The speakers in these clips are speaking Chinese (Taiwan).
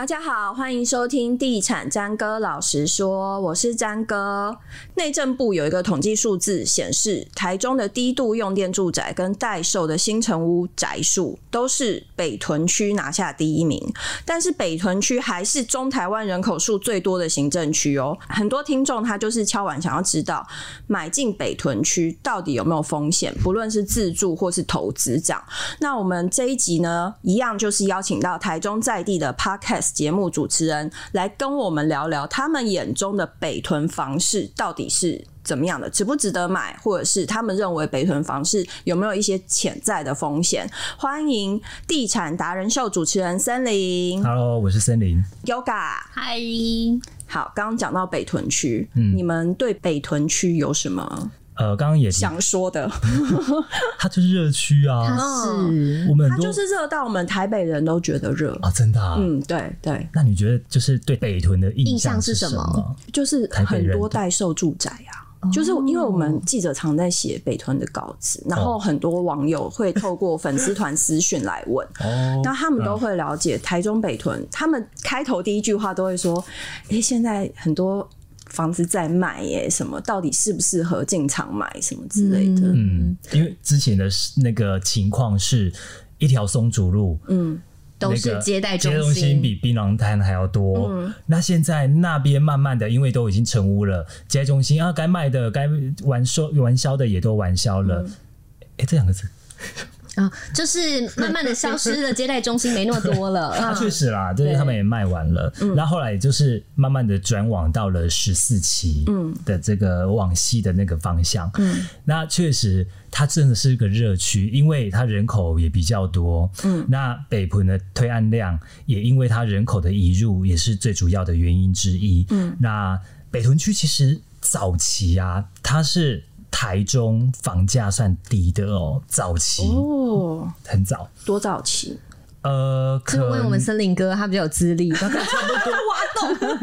大家好，歡迎收聽《地產詹哥老實說》，我是詹哥。內政部有一個統計數字顯示，台中的低度用電住宅跟待售的新成屋宅數都是北屯區拿下第一名，但是北屯區還是中台灣人口數最多的行政區哦。很多聽眾他就是敲碗想要知道，買進北屯區到底有沒有風險？不論是自住或是投資漲。那我們這一集呢，一樣就是邀請到台中在地的 Podcast 節目主持人來跟我們聊聊他們眼中的北屯房市到底是怎麼樣的，值不值得買，或者是他們認為北屯房市有沒有一些潛在的風險？歡迎地產達人秀主持人森林，Hello，我是森林 Yoga，Hi，好，剛剛講到北屯區，嗯，你們對北屯區有什麼？呃，剛剛也是想說的，它 就是熱區啊，他是，我它就是熱到我們台北人都覺得熱啊，真的，啊，嗯，對對。那你覺得就是對北屯的印象是什麼？是什麼，就是很多待售住宅啊，就是因為我們記者常在寫北屯的稿子，哦、然後很多網友會透過粉絲團私訊來問，那、哦、他們都會了解台中北屯，他們開頭第一句話都會說，哎、欸，現在很多。房子在賣耶，什麼到底適不適合進場買什麼之類的？嗯，因為之前的那個情況是一條松竹路，嗯，那個、都是接待中心，接待中心比檳榔攤還要多。嗯、那現在那邊慢慢的，因為都已經成屋了，接待中心啊，該賣的、該完收完銷的也都完銷了。哎、嗯欸，這兩個字。啊、哦，就是慢慢的消失的接待中心沒那麼多了。對啊，確對、啊、實啦，就是他們也賣完了。嗯對，然後後來就是慢慢的轉往到了十四期，嗯的這個往西的那個方向。嗯，那確實它真的是個熱區，因為它人口也比較多。嗯，那北屯的推案量也因為它人口的移入也是最主要的原因之一。嗯，那北屯區其實早期啊，它是。台中房價算低的哦，早期哦、嗯，很早，多早期？呃，可能是因為我們森林哥他比較有資歷，差不多挖洞，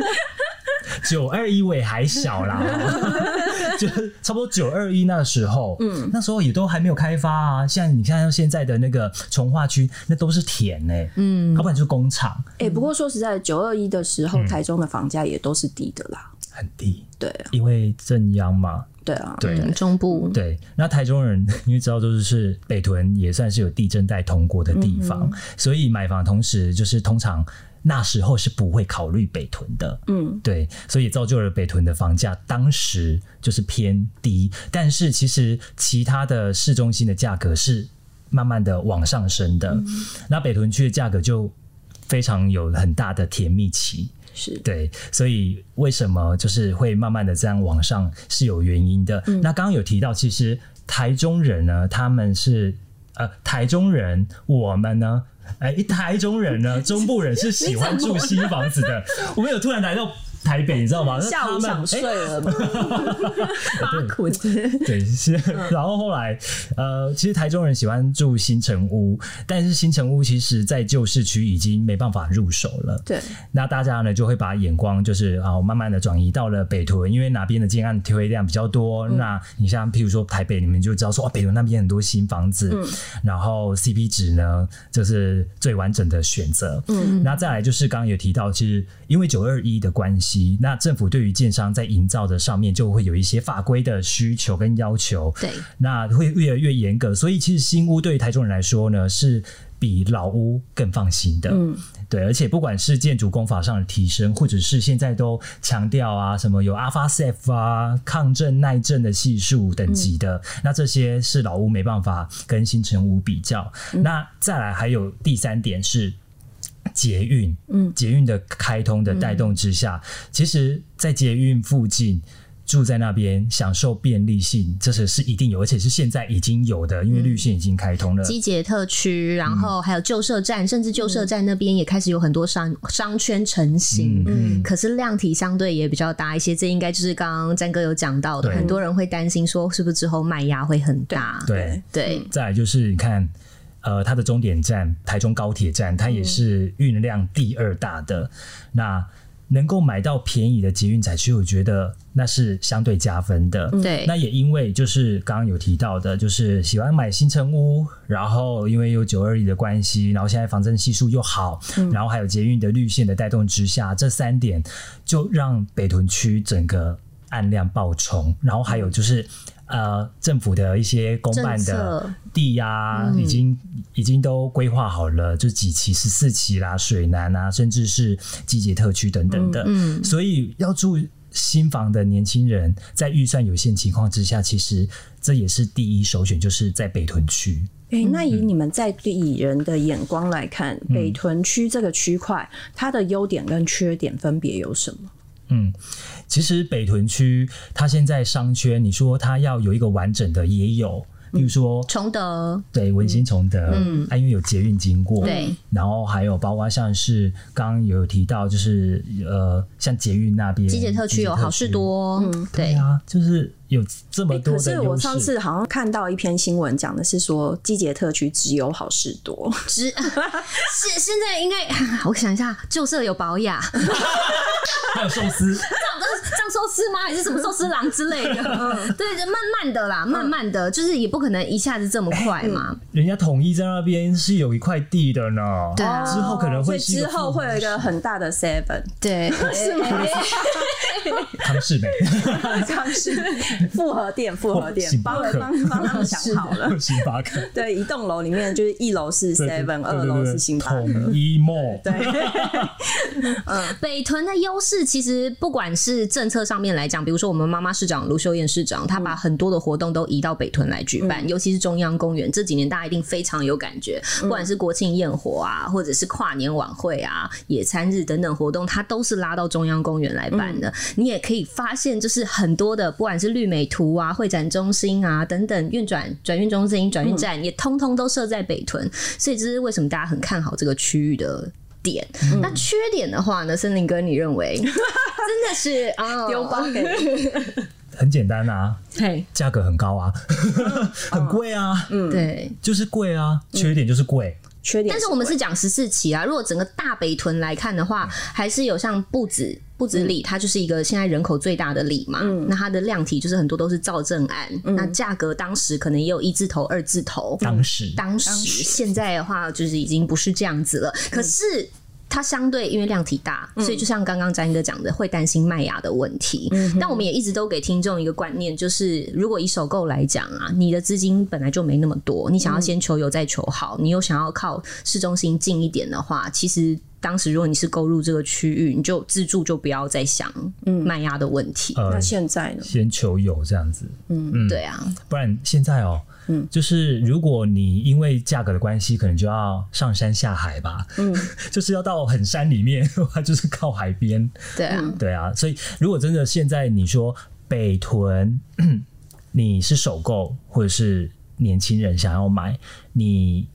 九二一尾還小啦， 就是差不多九二一那時候，嗯，那時候也都還沒有開發啊，像你看到現在的那個重劃區，那都是田誒、欸，嗯，好，要不然就是工廠，哎、欸，不過說實在，九二一的時候，嗯、台中的房價也都是低的啦。很低，對、啊，因為震央嘛，對啊，對，對中部，對，那台中人因為知道就是是北屯也算是有地震帶通過的地方，嗯、哼所以買房同時就是通常那時候是不會考慮北屯的，嗯，對，所以造就了北屯的房價當時就是偏低，但是其實其他的市中心的價格是慢慢的往上升的，嗯、哼那北屯區的價格就非常有很大的甜蜜期。是，對，所以為什麼就是會慢慢的這樣往上是有原因的。嗯、那剛剛有提到，其實台中人呢，他們是呃台中人，我們呢，哎、欸，台中人呢，中部人是喜歡住新房子的。我們有突然來到。台北，你知道嗎？欸、下午想睡了，發睏。對，是。嗯、然後後來，呃，其實台中人喜歡住新成屋，但是新成屋其實，在舊市區已經沒辦法入手了。對。那大家呢，就會把眼光就是啊、哦，慢慢的轉移到了北屯，因為那邊的建案推量比較多。嗯、那你像，譬如說台北，你們就知道說哦，北屯那邊很多新房子，嗯、然後 CP 值呢，就是最完整的選擇。嗯。那再來就是剛剛有提到，其實因為九二一的關係。那政府對於建商在營造的上面，就會有一些法規的需求跟要求。對，那會越來越嚴格。所以，其實新屋對於台中人來說呢，是比老屋更放心的。嗯，對。而且不管是建築工法上的提升，或者是現在都強調啊，什麼有 Alpha Safe 啊、抗震耐震的係數等級的，嗯、那這些是老屋沒辦法跟新成屋比較。嗯、那再來還有第三點是。捷運，嗯，捷運的開通的帶動之下，嗯嗯、其實，在捷運附近住在那邊，享受便利性，這是是一定有，而且是現在已經有的，因為綠線已經開通了。機捷、嗯、特區，然後還有舊社站，嗯、甚至舊社站那邊也開始有很多商商圈成型。嗯，嗯可是量體相對也比較大一些，這應該就是剛剛詹哥有講到的，對很多人會擔心說，是不是之後賣壓會很大？對對。再來就是你看。呃，它的終點站台中高鐵站，它也是運量第二大的。嗯、那能夠買到便宜的捷運載區我覺得那是相對加分的。對、嗯，那也因為就是剛剛有提到的，就是喜歡買新成屋，然後因為有九二一的關係，然後現在防震係數又好，然後還有捷運的綠線的帶動之下，嗯、這三點就讓北屯區整個。案量爆衝，然後還有就是，呃，政府的一些公辦的地呀，啊，嗯、已經已經都規劃好了，就幾期、十四期啦、啊、水湳啊，甚至是機捷特區等等的嗯，嗯，所以要住新房的年輕人，在預算有限情況之下，其實這也是第一首選，就是在北屯區。誒、嗯，那以你們在地人的眼光來看，北屯區這個區塊，嗯、它的優點跟缺點分別有什麼？嗯，其實北屯區它現在商圈，你說它要有一個完整的，也有。比如說崇、嗯、德，對文心崇德，嗯，啊，因為有捷運經過，嗯、對，然後還有包括像是剛剛有提到，就是呃，像捷運那邊機捷特區有好市多，嗯，對，對啊，就是有這麼多的。所以、欸、我上次好像看到一篇新聞講的是說機捷特區只有好市多，只是現在應該我想一下，舊社有寶雅， 還有壽司。 藏壽司嗎？還是什麼壽司郎之類的？對，就慢慢的啦，慢慢的就是也不可能一下子這麼快嘛。人家統一在那邊是有一塊地的呢，對，之後可能會之後會有一個很大的 Seven，對，是美，康是美，康是美複合店，複合店，幫幫幫他們想好了，星巴克，對，一棟樓裡面就是一樓是 Seven，二樓是星巴克，一 more 對，嗯，北屯的優勢其實不管是。政策上面來講，比如說我們媽媽市長盧秀燕市長，她把很多的活動都移到北屯來舉辦，嗯、尤其是中央公園這幾年，大家一定非常有感覺，不管是國慶焰火啊，或者是跨年晚會啊、野餐日等等活動，它都是拉到中央公園來辦的。嗯、你也可以發現，就是很多的，不管是綠美圖啊、會展中心啊等等，運轉轉運中心、轉運站、嗯、也通通都設在北屯，所以這是為什麼大家很看好這個區域的。點，嗯、那缺點的話呢？森林哥，你認為真的是啊？丟包，很簡單啊，對，價格很高啊，嗯、 很貴啊，嗯，對，就是貴啊，嗯、貴啊，缺點就是貴，缺點。但是我們是講十四期啊，如果整個大北屯來看的話，嗯、還是有像不止。不止里，它就是一個現在人口最大的里嘛。那它的量體就是很多都是造鎮案。那價格當時可能也有一字頭、二字頭。當時，當時現在的話就是已經不是這樣子了。可是它相對因為量體大，所以就像剛剛詹哥講的，會擔心賣壓的問題。但我們也一直都給聽眾一個觀念，就是如果以首購來講啊，你的資金本來就沒那麼多，你想要先求有再求好，你又想要靠市中心近一點的話，其實。當時如果你是購入這個區域，你就自住就不要再想嗯賣壓的問題，那、嗯呃、現在呢？先求有這樣子。嗯，嗯對啊。不然現在哦、喔，嗯，就是如果你因為價格的關係，可能就要上山下海吧。嗯， 就是要到很山裡面，的 話就是靠海邊。對啊，對啊，對啊。所以如果真的現在你說北屯， 你是首購或者是年輕人想要買，你。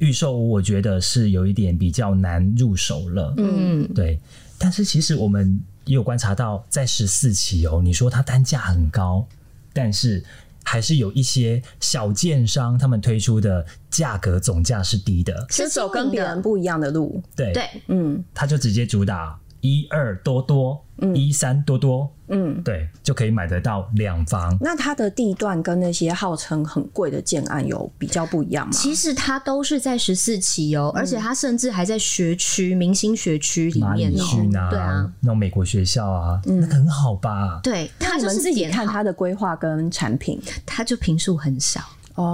預售我覺得是有一點比較難入手了，嗯，對。但是其實我們也有觀察到，在十四期哦，你說它單價很高，但是還是有一些小建商他們推出的價格總價是低的，其實走跟別人不一樣的路，對對，對嗯，他就直接主打。一二多多，嗯，一三多多，嗯，對，就可以買得到兩房。那它的地段跟那些號稱很貴的建案有比較不一樣嗎？其實它都是在十四期哦，嗯、而且它甚至還在學區、明星學區裡面呢。啊對啊，那種美國學校啊，嗯、那很好吧？對，你們自己看它的規劃跟產品，它就坪數很少。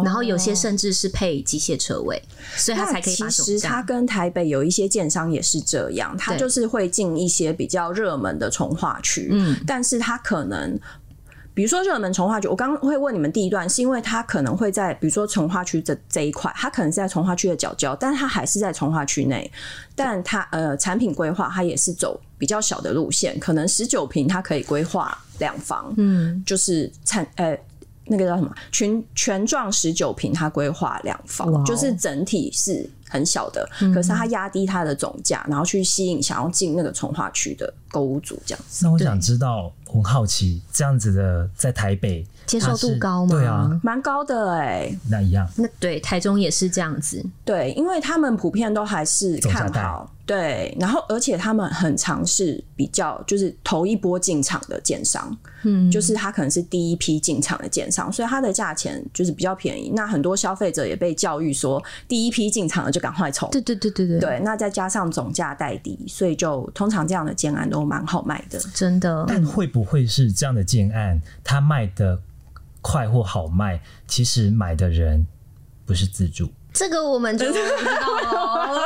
然後有些甚至是配機械車位，所以他才可以把手，其實他跟台北有一些建商也是這樣，他就是會進一些比較熱門的重劃區，嗯對，但是他可能比如說熱門重劃區，我剛剛會問你們第一段是因為他可能會在比如說重劃區的這一塊，他可能是在重劃區的角角，但他還是在重劃區內，但他呃產品規劃他也是走比較小的路線，可能十九坪他可以規劃兩房，嗯，就是產呃。欸那個叫什麼？全全幢十九坪，它規劃兩房，Wow. 就是整體是很小的，可是它壓低它的總價，嗯、然後去吸引想要進那個重劃區的購物族這樣子。那我想知道。很好奇這樣子的，在台北接受度高嗎？對啊，蠻高的哎、欸。那一樣。那對台中也是這樣子，對，因為他們普遍都還是看好，對。然後，而且他們很嘗試比較，就是頭一波進場的建商，嗯，就是他可能是第一批進場的建商，所以他的價錢就是比較便宜。那很多消費者也被教育說，第一批進場的就趕快衝。對對對對對，對。那再加上總價帶低，所以就通常這樣的建案都蠻好賣的，真的。但會不會？會是這樣的建案，它賣的快或好賣，其實買的人不是自住。這個我們就……知道。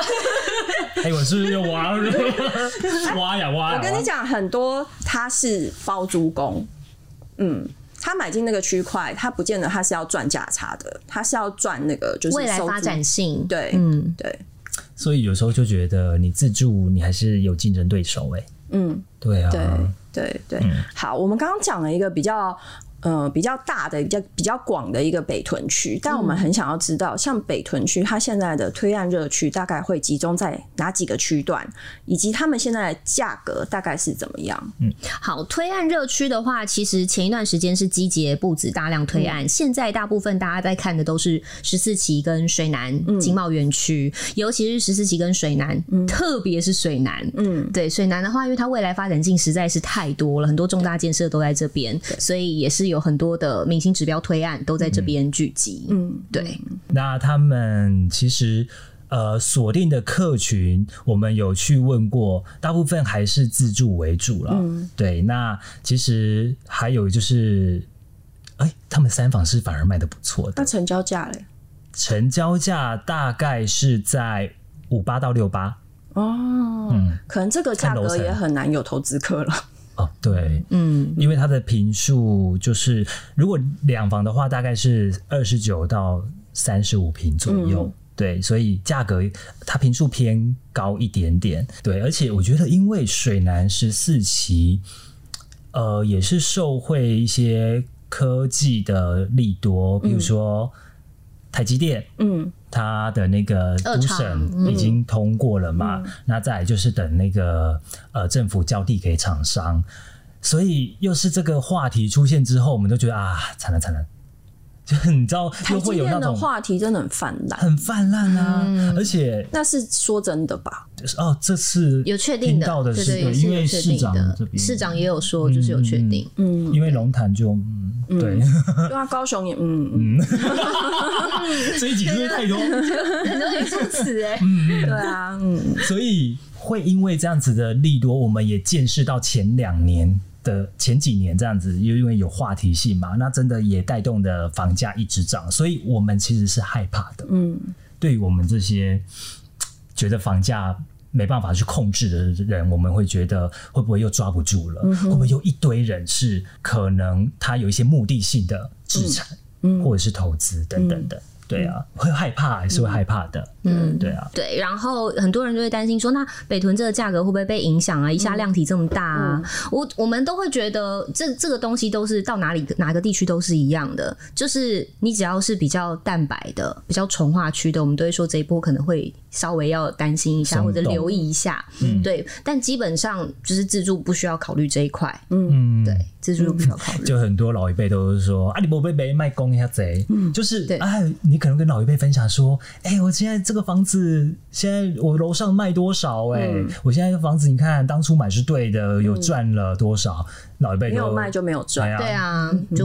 哎、 欸，我是不是又挖挖呀挖！呀我跟你講，哇很多他是包租公，嗯，他買進那個區塊，他不見得他是要賺價差的，他是要賺那個就是未來發展性。對，嗯，對。所以有時候就覺得，你自住，你還是有競爭對手哎、欸。嗯，對啊，對對對，好，我們剛剛講了一個比較，呃，比較大的，比較比較廣的一個北屯區，但我們很想要知道，嗯、像北屯區，它現在的推案熱區大概會集中在哪幾個區段，以及他們現在的價格大概是怎麼樣？嗯，好，推案熱區的話，其實前一段時間是集結布置大量推案，嗯、現在大部分大家在看的都是十四期跟水湳經貿園區，尤其是十四期跟水湳，特別是水湳，嗯，對，水湳的話，因為它未來發展性實在是太多了，很多重大建設都在這邊，對所以也是。有很多的明星指標推案都在這邊聚集，嗯，對。那他們其實呃鎖定的客群，我們有去問過，大部分還是自助為主自住為主了，嗯，對。那其實還有就是，哎、欸，他們三房是反而賣得不錯的，那成交價呢？成交價大概是在五八到六八哦，嗯，可能這個價格也很難有投資客了。哦、對，嗯，因為它的坪數就是，如果兩房的話，大概是二十九到三十五坪左右，嗯、對，所以價格它坪數偏高一點點，對，而且我覺得因為水湳十四期，呃，也是受惠一些科技的利多，比如說台積電，嗯。嗯他的那個都審已經通過了嘛？嗯、那再就是等那個呃政府交地給廠商，所以又是這個話題出現之後，我們都覺得啊，慘了慘了。你知道，又會有那種話題，真的很泛濫，很泛濫啊！而且那是說真的吧？哦，這次有確定到的是，因為市長這邊，市長也有說，就是有確定。嗯，因為龍潭就，對，對啊，高雄也，嗯嗯，所以幾都是太多，很多很出詞哎。對啊，嗯，所以會因為這樣子的利多，我們也見識到前兩年。的前幾年這樣子，又因為有話題性嘛，那真的也帶動的房價一直漲，所以我們其實是害怕的。嗯，對於我們這些覺得房價沒辦法去控制的人，我們會覺得會不會又抓不住了？嗯、哼會不會有一堆人是可能他有一些目的性的資產，嗯、或者是投資等等的。嗯嗯對啊，會害怕還是會害怕的，嗯對，對啊，對，然後很多人就會擔心說，那北屯這個價格會不會被影響啊？一下量體這麼大啊，嗯、我我們都會覺得這這個東西都是到哪裡哪個地區都是一樣的，就是你只要是比較蛋白的，比較重化區的，我們都會說這一波可能會。稍微要擔心一下或者留意一下，嗯，對，嗯、但基本上就是自住不需要考慮這一塊，嗯，對，嗯、自住不需要考慮。就很多老一輩都是說啊，你不會被賣公一下賊，嗯，就是，啊對、哎，你可能跟老一輩分享說，哎、欸，我現在這個房子，現在我樓上賣多少、欸？哎、嗯，我現在這個房子，你看當初買是對的，有賺了多少。嗯嗯老一輩沒有賣就沒有賺，對啊，沒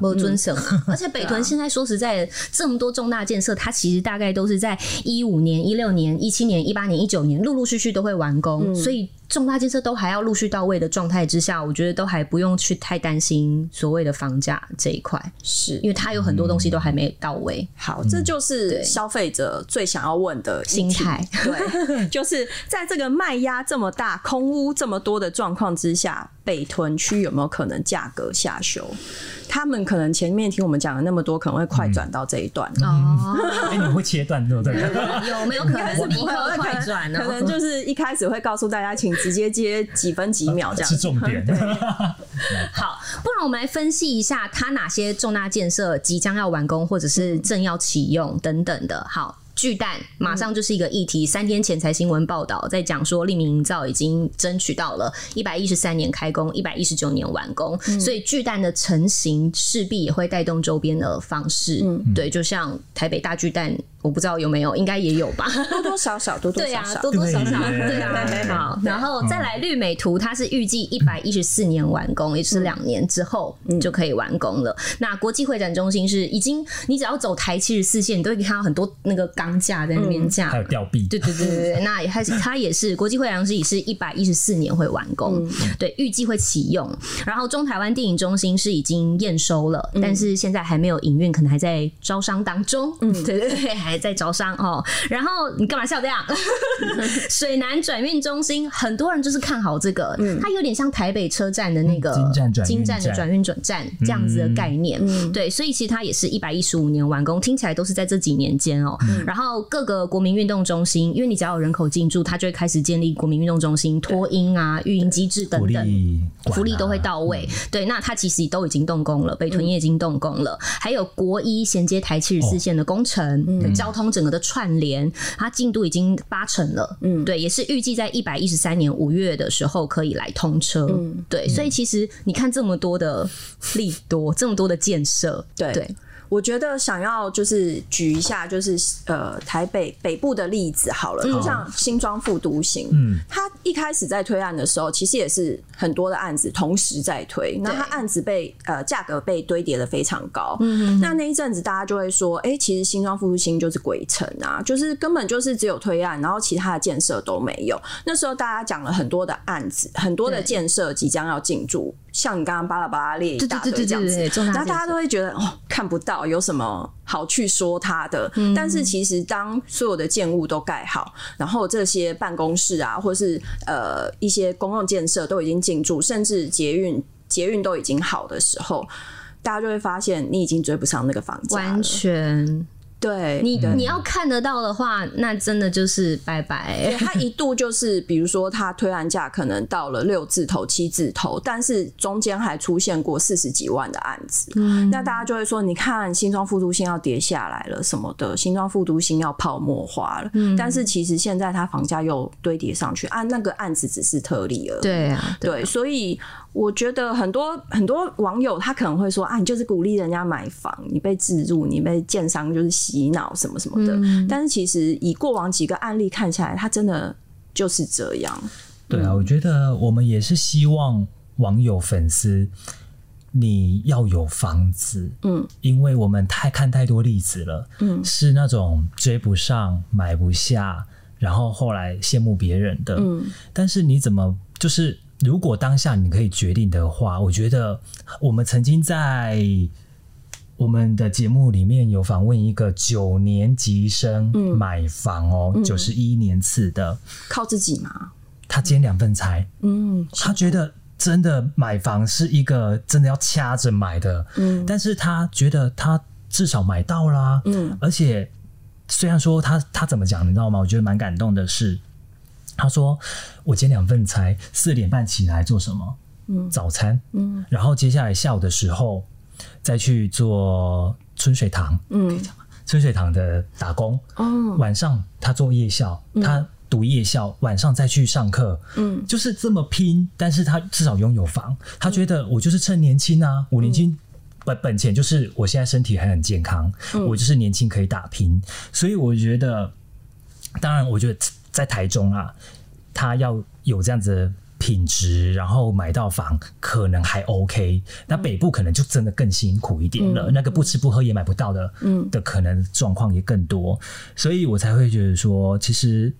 有遵守。而且北屯現在說實在，這麼多重大建設，它其實大概都是在一五年、一六年、一七年、一八年、一九年，陸陸續續都會完工。所以重大建設都還要陸續到位的狀態之下，我覺得都還不用去太擔心所謂的房價這一塊，是因為它有很多東西都還沒到位。好，這就是消費者最想要問的心態。對，就是在這個賣壓這麼大、空屋這麼多的狀況之下。北屯區有沒有可能價格下修？他們可能前面聽我們講了那麼多，可能會快轉到這一段。哦，哎，你會切斷對不對、？ 嗯？有沒有可能是會、嗯、快轉呢、哦？可能就是一開始會告訴大家，請直接接幾分幾秒這樣子、呃。是重點 對。好，不然我們來分析一下，它哪些重大建設即將要完工，或者是正要啟用等等的。好。巨蛋馬上就是一個議題，嗯、三天前才新聞報道，在講說立明營造已經爭取到了一百一十三年開工，一百一十九年完工，嗯、所以巨蛋的成型勢必也會帶動周邊的方式，嗯、對，就像台北大巨蛋。我不知道有沒有，應該也有吧，多多少少，多對呀，多多少少，對，好，然後再來綠美圖，它是預計一百一十四年完工，也就是兩年之後就可以完工了。那國際會展中心是已經，你只要走台七十四線，你都會看到很多那個鋼架在那邊架，還有吊臂，對對對對，那也還是，它也是國際會展中心，也是一百一十四年會完工，對，預計會啟用。然後中台灣電影中心是已經驗收了，但是現在還沒有營運，可能還在招商當中。嗯，對對對。也在招商哦，然後你幹嘛笑這樣？ 水湳轉運中心很多人就是看好這個，嗯、它有點像台北車站的那個京站的轉運轉站這樣子的概念。嗯嗯、對，所以其實它也是一百一十五年完工，聽起來都是在這幾年間哦。嗯、然後各個國民運動中心，因為你只要有人口進駐，它就會開始建立國民運動中心、托嬰啊、運營機制等等福利，啊、福利都會到位。嗯、對，那它其實都已經動工了，北屯也已經動工了，嗯、還有國一銜接台七十四線的工程、哦、嗯。交通整個的串聯，它進度已經八成了，嗯，對，也是預計在一百一十三年五月的時候可以來通車，嗯，對，所以其實你看這麼多的利多， 這麼多的建設，對。對我覺得想要就是舉一下，就是呃台北北部的例子好了，嗯、就像新莊副都心，嗯，他一開始在推案的時候，其實也是很多的案子同時在推，那他案子被對呃價格被堆疊的非常高，嗯嗯，那那一陣子大家就會說，哎、欸，其實新莊副都心就是鬼城啊，就是根本就是只有推案，然後其他的建設都沒有。那時候大家講了很多的案子，很多的建設即將要進駐，對像你剛剛巴拉巴拉列一大堆這樣子，然後大家都會覺得對對對對哦，看不到。有什麼好去說他的？嗯，但是其實，當所有的建物都蓋好，然後這些辦公室啊，或是呃一些公共建設都已經進駐，甚至捷運捷運都已經好的時候，大家就會發現你已經追不上那個房間完全。對你，嗯、你要看得到的話，那真的就是拜拜、欸對。他一度就是， 比如說他推案價可能到了六字頭、七字頭，但是中間還出現過四十幾萬的案子。嗯，那大家就會說，你看新莊副都心要跌下來了，什麼的新莊副都心要泡沫化了。嗯，但是其實現在他房價又堆疊上去啊，那個案子只是特例了。對啊，對，對啊、所以我覺得很多很多網友他可能會說，啊，你就是鼓勵人家買房，你被置入，你被建商就是吸。洗腦什麼什麼的，嗯，但是其實以過往幾個案例看下來，它真的就是這樣。對啊，嗯，我覺得我們也是希望網友粉絲，你要有房子，嗯，因為我們太看太多例子了，嗯，是那種追不上、買不下，然後後來羨慕別人的，嗯。但是你怎麼就是，如果當下你可以決定的話，我覺得我們曾經在。我們的節目裡面有訪問一個九年級生買房哦，九十一年次的，靠自己嘛？他兼兩份差，嗯，他覺得真的買房是一個真的要掐着買的，嗯，但是他覺得他至少買到啦啊。嗯，而且雖然說他他怎麼講，你知道嗎？我覺得蠻感動的是，他說我兼兩份差，四點半起來來做什麼？嗯，早餐，嗯，然後接下來下午的時候。再去做春水堂，嗯，可以講嗎？春水堂的打工，哦，晚上他做夜校，嗯、他讀夜校，晚上再去上課，嗯，就是這麼拼。但是他至少擁有房，他覺得我就是趁年輕啊，五、嗯、年輕、嗯、本本錢就是我現在身體還很健康，嗯、我就是年輕可以打拼。所以我覺得，當然，我覺得在台中啊，他要有這樣子品質，然後買到房可能還 OK，那北部可能就真的更辛苦一點了。嗯、那個不吃不喝也買不到的，嗯，的可能狀況也更多，所以我才會覺得說，其實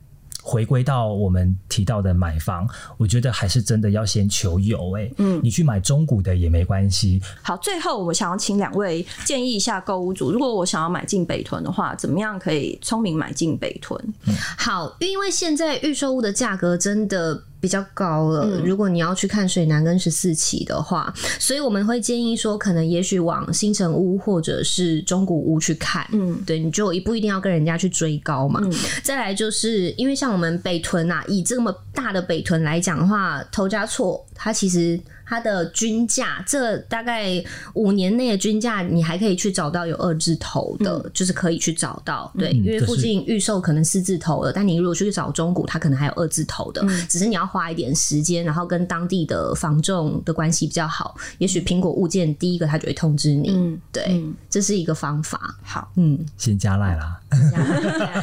回歸到我們提到的買房，我覺得還是真的要先求有、欸。哎，嗯，你去買中古的也沒關係。好，最後我想要請兩位建議一下購屋主，如果我想要買進北屯的話，怎麼樣可以聰明買進北屯？嗯、好，因為現在預售屋的價格真的。比較高了，嗯、如果你要去看水湳跟十四期的話，所以我們會建議說，可能也許往新成屋或者是中古屋去看。嗯，對，你就一不一定要跟人家去追高嘛。嗯、再來就是因為像我們北屯啊，以這麼大的北屯來講的話，頭家厝它其實。它的均價，這大概五年內的均價，你還可以去找到有二字頭的，就是可以去找到。對，因為附近預售可能四字頭的，但你如果去找中古，它可能還有二字頭的，只是你要花一點時間，然後跟當地的房仲的關係比較好，也許蘋果物件第一個它就會通知你。對，這是一個方法。好，嗯，先加賴啦，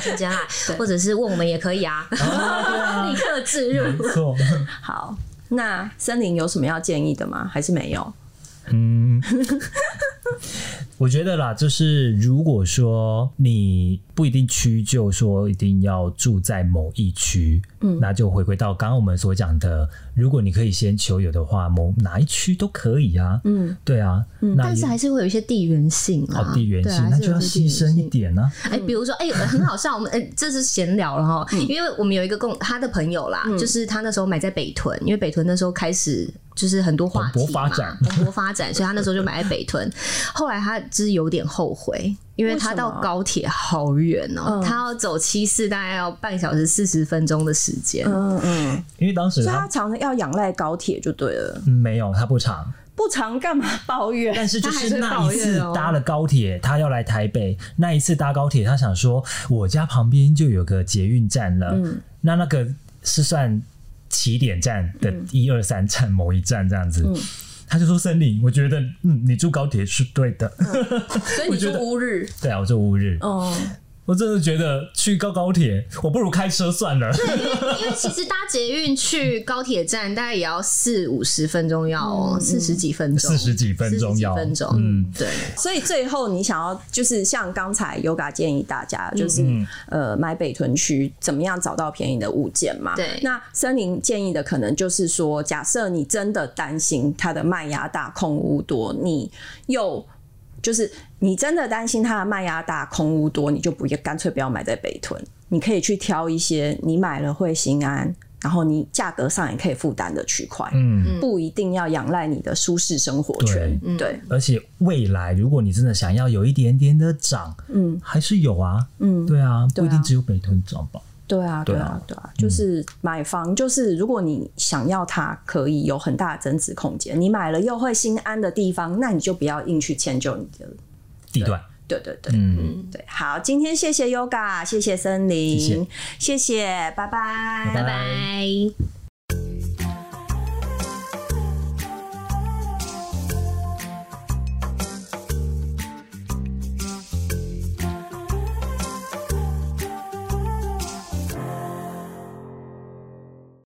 先加賴，或者是問我們也可以啊，立刻置入，沒錯，好。那森林有什麼要建議的嗎？還是沒有？嗯。 我覺得啦，就是如果說你不一定屈就說一定要住在某一區，嗯，那就回歸到剛剛我們所講的，如果你可以先求有的話，某哪一區都可以啊，嗯，對啊，嗯、那也但是還是會有一些地緣性啦，哦、地緣性、啊、那就要犧牲一點呢、啊。哎，比如說，哎，很好笑，我們 哎這是閒聊了哈，因為我們有一個共他的朋友啦，就是他那時候買在北屯，因為北屯那時候開始。就是很多話題發展蓬勃 發展，所以他那時候就買北屯。 後來他就是有點後悔，因為他到高鐵好遠哦、喔、啊、他要走七四，大概要半小時四十分鐘的時間、嗯。嗯嗯，因為當時他常常要仰賴高鐵就對了，嗯、沒有他不常不常幹嘛抱怨。 但是就是那一次搭了高鐵，他要來台北，那一次搭高鐵，他想說我家旁邊就有個捷運站了，嗯、那那個是算。起點站的一、嗯、二三站某一站這樣子，嗯、他就說森林，我覺得，嗯，你坐高鐵是對的。所以你住烏日覺得，對啊，我坐烏日。哦。我真的覺得去坐高鐵，我不如開車算了。因為,因為其實搭捷運去高鐵站，大概也要四五十分鐘要,、哦嗯、要，四十幾分鐘，四十幾分鐘要分鐘嗯，對。所以最後你想要就是像剛才 Yoga 建議大家，就是、嗯、呃，買北屯區怎麼樣找到便宜的物件嘛？對。那森林建議的可能就是說，假設你真的擔心它的賣壓大、空屋多，你又。就是你真的擔心它的賣壓大、空屋多，你就不要乾脆不要買在北屯，你可以去挑一些你買了會心安，然後你價格上也可以負擔的區塊，嗯，不一定要仰賴你的舒適生活圈，對。嗯、對，而且未來如果你真的想要有一點點的漲，嗯，還是有啊，嗯，對啊，不一定只有北屯漲吧。對啊，對啊，對啊，就是買房，嗯，就是如果你想要它可以有很大的增值空間，你買了又會心安的地方，那你就不要硬去遷就你的地段對。對對對，嗯，嗯，對。好，今天謝謝 Yoga，謝謝森林，謝謝，謝謝，拜拜，拜拜。拜拜。